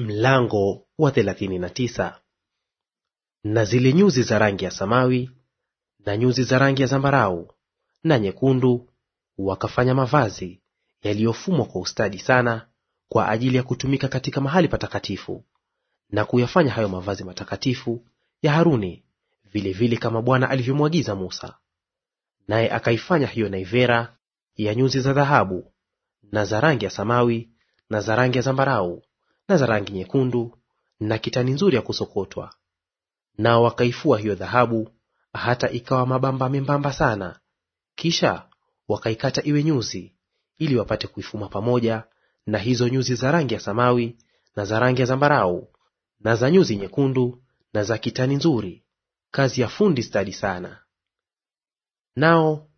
Mlango wa thelathini na tisa. Na zile nyuzi za rangi ya samawi na nyuzi za rangi ya zambarau na nyekundu wakafanya mavazi yaliyofumwa kwa ustadi sana kwa ajili ya kutumika katika mahali patakatifu, na kuyafanya hayo mavazi matakatifu ya Haruni vilevile vile kama Bwana alivyomwagiza Musa. Naye akaifanya hiyo naivera ya nyuzi za dhahabu na za rangi ya samawi na za rangi ya zambarau na za rangi nyekundu na kitani nzuri ya kusokotwa. Nao wakaifua hiyo dhahabu hata ikawa mabamba membamba sana, kisha wakaikata iwe nyuzi, ili wapate kuifuma pamoja na hizo nyuzi za rangi ya samawi na za rangi ya zambarau na za nyuzi nyekundu na za kitani nzuri, kazi ya fundi stadi sana. Nao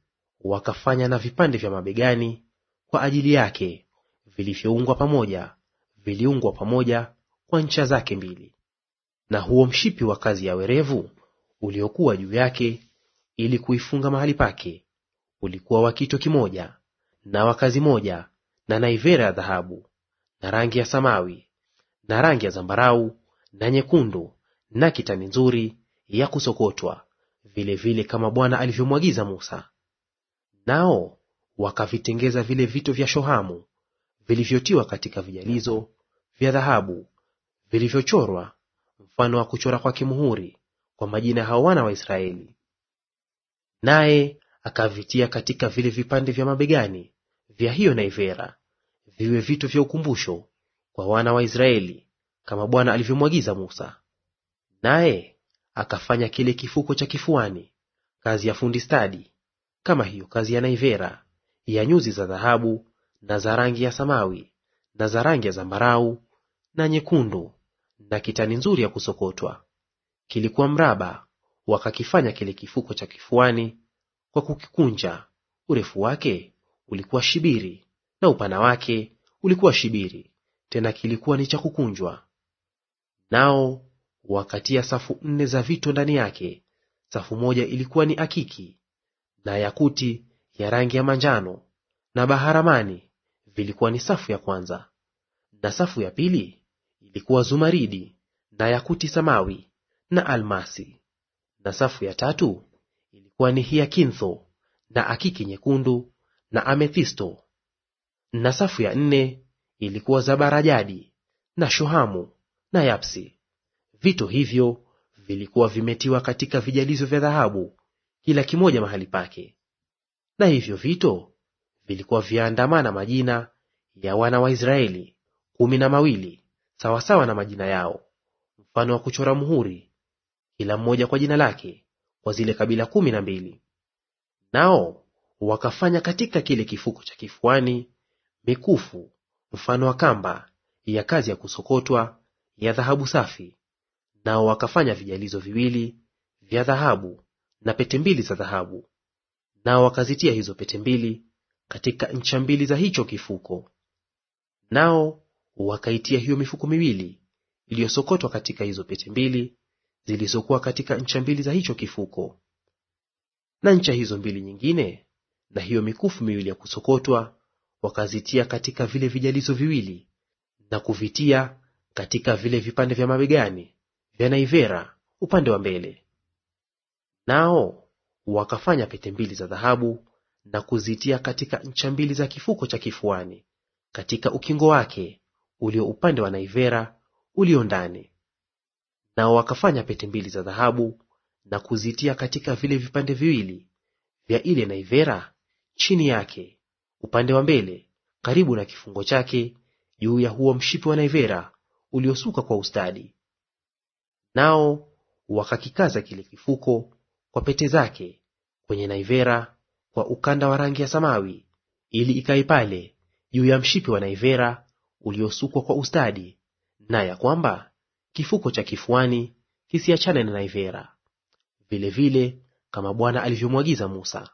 wakafanya na vipande vya mabegani kwa ajili yake vilivyoungwa pamoja viliungwa pamoja kwa ncha zake mbili, na huo mshipi wa kazi ya werevu uliokuwa juu yake ili kuifunga mahali pake ulikuwa wa kito kimoja na wa kazi moja na naivera ya dhahabu na rangi ya samawi na rangi ya zambarau na nyekundu na kitani nzuri ya kusokotwa vilevile vile kama Bwana alivyomwagiza Musa. Nao wakavitengeza vile vito vya shohamu vilivyotiwa katika vijalizo vya dhahabu vilivyochorwa mfano wa kuchora kwa kimuhuri kwa majina ya hao wana wa Israeli. Naye akavitia katika vile vipande vya mabegani vya hiyo naivera, viwe vitu vya ukumbusho kwa wana wa Israeli, kama Bwana alivyomwagiza Musa. Naye akafanya kile kifuko cha kifuani, kazi ya fundi stadi, kama hiyo kazi ya naivera ya nyuzi za dhahabu na za rangi ya samawi na za rangi ya zambarau na nyekundu na kitani nzuri ya kusokotwa. Kilikuwa mraba, wakakifanya kile kifuko cha kifuani kwa kukikunja. Urefu wake ulikuwa shibiri na upana wake ulikuwa shibiri, tena kilikuwa ni cha kukunjwa. Nao wakatia safu nne za vito ndani yake. Safu moja ilikuwa ni akiki na yakuti ya rangi ya manjano na baharamani vilikuwa ni safu ya kwanza. Na safu ya pili ilikuwa zumaridi na yakuti samawi na almasi. Na safu ya tatu ilikuwa ni hiakintho na akiki nyekundu na amethisto. Na safu ya nne ilikuwa zabarajadi na shohamu na yapsi. Vito hivyo vilikuwa vimetiwa katika vijalizo vya dhahabu, kila kimoja mahali pake. Na hivyo vito vilikuwa vyaandamana majina ya wana wa Israeli kumi na mawili sawasawa na majina yao, mfano wa kuchora muhuri, kila mmoja kwa jina lake, kwa zile kabila kumi na mbili. Nao wakafanya katika kile kifuko cha kifuani mikufu mfano wa kamba ya kazi ya kusokotwa ya dhahabu safi, nao wakafanya vijalizo viwili vya dhahabu na pete mbili za dhahabu. Nao wakazitia hizo pete mbili katika ncha mbili za hicho kifuko. Nao wakaitia hiyo mifuko miwili iliyosokotwa katika hizo pete mbili zilizokuwa katika ncha mbili za hicho kifuko, na ncha hizo mbili nyingine na hiyo mikufu miwili ya kusokotwa wakazitia katika vile vijalizo viwili na kuvitia katika vile vipande vya mabegani vya naivera upande wa mbele. Nao wakafanya pete mbili za dhahabu na kuzitia katika ncha mbili za kifuko cha kifuani, katika ukingo wake ulio upande wa naivera ulio ndani. Nao wakafanya pete mbili za dhahabu na kuzitia katika vile vipande viwili vya ile naivera chini yake, upande wa mbele karibu na kifungo chake, juu ya huo mshipi wa naivera uliosuka kwa ustadi. Nao wakakikaza kile kifuko kwa pete zake kwenye naivera kwa ukanda wa rangi ya samawi, ili ikae pale juu ya mshipi wa naivera uliosukwa kwa ustadi, na ya kwamba kifuko cha kifuani kisiachane na naivera, vilevile kama Bwana alivyomwagiza Musa.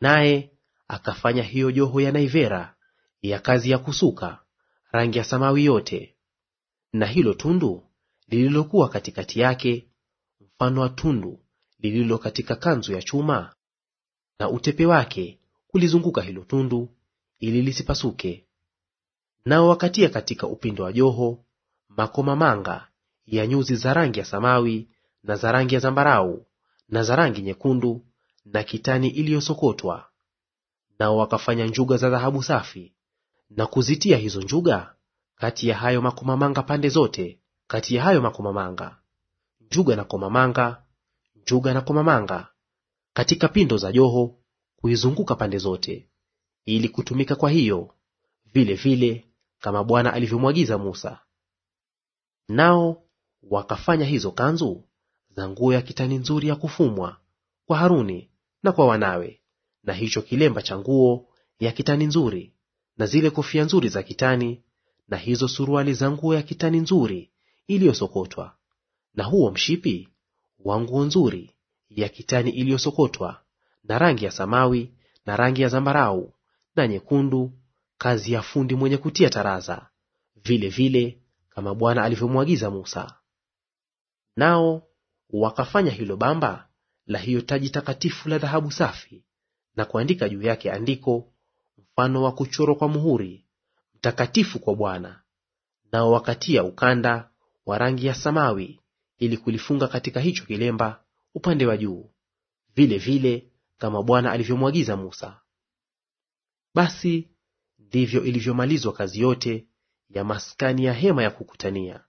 Naye akafanya hiyo joho ya naivera ya kazi ya kusuka rangi ya samawi yote, na hilo tundu lililokuwa katikati yake mfano wa tundu lililo katika kanzu ya chuma na utepe wake kulizunguka hilo tundu ili lisipasuke. Nao wakatia katika upindo wa joho makomamanga ya nyuzi za rangi ya samawi na za rangi ya zambarau na za rangi nyekundu na kitani iliyosokotwa. Nao wakafanya njuga za dhahabu safi na kuzitia hizo njuga kati ya hayo makomamanga pande zote, kati ya hayo makomamanga njuga na komamanga, njuga na komamanga katika pindo za joho kuizunguka pande zote, ili kutumika kwa hiyo vile vile kama Bwana alivyomwagiza Musa. Nao wakafanya hizo kanzu za nguo ya kitani nzuri ya kufumwa kwa Haruni na kwa wanawe, na hicho kilemba cha nguo ya kitani nzuri, na zile kofia nzuri za kitani, na hizo suruali za nguo ya kitani nzuri iliyosokotwa, na huo mshipi wa nguo nzuri ya kitani iliyosokotwa na rangi ya samawi na rangi ya zambarau na nyekundu, kazi ya fundi mwenye kutia taraza, vile vile kama Bwana alivyomwagiza Musa. Nao wakafanya hilo bamba la hiyo taji takatifu la dhahabu safi, na kuandika juu yake andiko mfano wa kuchorwa kwa muhuri, mtakatifu kwa Bwana. Nao wakatia ukanda wa rangi ya samawi ili kulifunga katika hicho kilemba upande wa juu, vile vile kama Bwana alivyomwagiza Musa. Basi ndivyo ilivyomalizwa kazi yote ya maskani ya hema ya kukutania.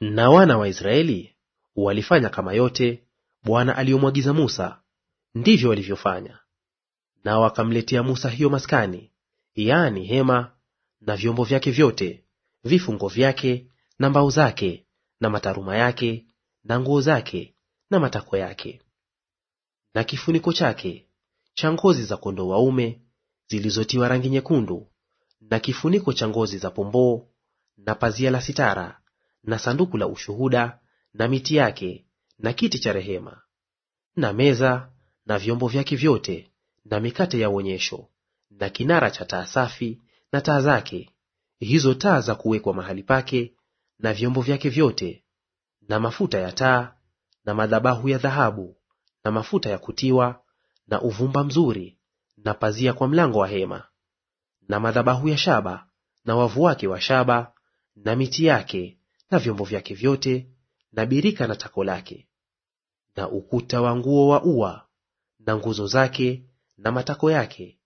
Na wana wa Israeli walifanya kama yote Bwana aliyomwagiza Musa, ndivyo walivyofanya. Nao wakamletea Musa hiyo maskani, yaani hema na vyombo vyake vyote, vifungo vyake na mbao zake na mataruma yake na nguo zake na matako yake, na kifuniko chake cha ngozi za kondoo waume zilizotiwa rangi nyekundu, na kifuniko cha ngozi za pomboo, na pazia la sitara, na sanduku la ushuhuda, na miti yake, na kiti cha rehema, na meza na vyombo vyake vyote, na mikate ya uonyesho, na kinara cha taa safi, na taa zake hizo, taa za kuwekwa mahali pake, na vyombo vyake vyote, na mafuta ya taa, na madhabahu ya dhahabu na mafuta ya kutiwa na uvumba mzuri na pazia kwa mlango wa hema na madhabahu ya shaba na wavu wake wa shaba na miti yake na vyombo vyake vyote na birika na tako lake na ukuta wa nguo wa ua na nguzo zake na matako yake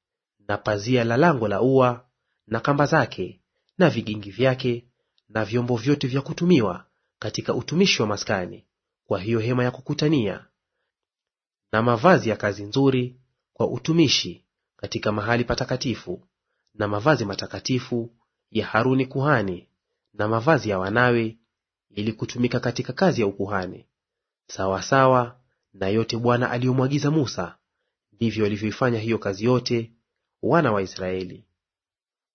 na pazia la lango la ua na kamba zake na vigingi vyake na vyombo vyote vya kutumiwa katika utumishi wa maskani kwa hiyo hema ya kukutania, na mavazi ya kazi nzuri kwa utumishi katika mahali patakatifu, na mavazi matakatifu ya Haruni kuhani, na mavazi ya wanawe, ili kutumika katika kazi ya ukuhani, sawasawa na yote Bwana aliyomwagiza Musa, ndivyo walivyoifanya hiyo kazi yote wana wa Israeli.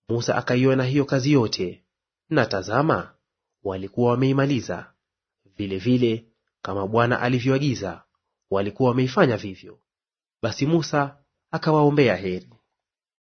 Musa akaiona hiyo kazi yote, na tazama, walikuwa wameimaliza. Vilevile kama Bwana alivyoagiza, walikuwa wameifanya vivyo. Basi Musa akawaombea heri.